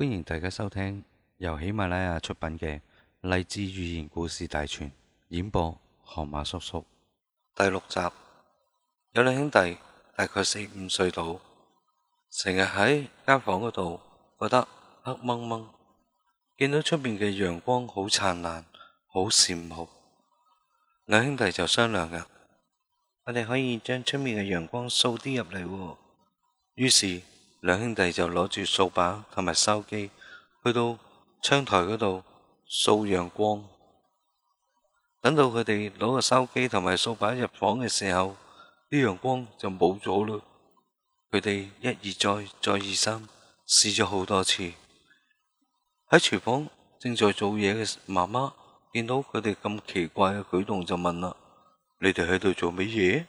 歡迎大家收聽由喜馬拉雅出品嘅《勵志寓言故事大全》，演播河馬叔叔。第六集有兩兄弟，大概四五歲到，成日喺間房嗰度，覺得黑蒙蒙，見到出面嘅陽光好燦爛，好羨慕。兩兄弟就商量噶，我哋可以將出面嘅陽光掃啲入嚟。於是。兩兄弟就攞住掃把同埋筲箕，去到窗台嗰度掃陽光。等到佢哋攞個筲箕同埋掃把入房嘅時候，呢陽光就冇咗喇。佢哋一而再，再而三，試咗好多次。喺廚房正在做嘢嘅媽媽見到佢哋咁奇怪嘅舉動就問啦：，你哋喺度做乜嘢？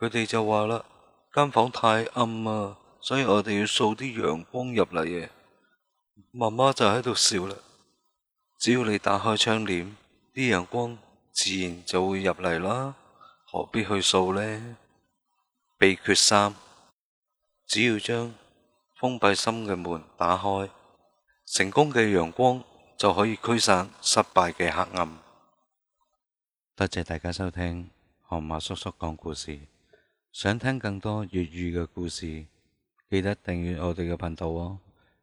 佢哋就話啦：，間房太暗喇！所以我哋要掃啲陽光入嚟嘅。媽媽就喺度笑啦，只要你打開窗簾，啲陽光自然就會入嚟啦，何必去掃呢？秘訣三：只要將封閉心嘅門打開，成功嘅陽光就可以驅散失敗嘅黑暗。多謝大家收聽河馬叔叔講故事，想聽更多粵語嘅故事。記得訂閱我哋嘅頻道哦！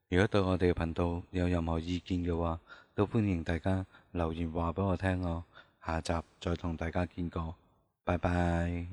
如果對我哋嘅頻道有任何意見嘅話，都歡迎大家留言話畀我聽哦。下集再同大家見過，拜拜。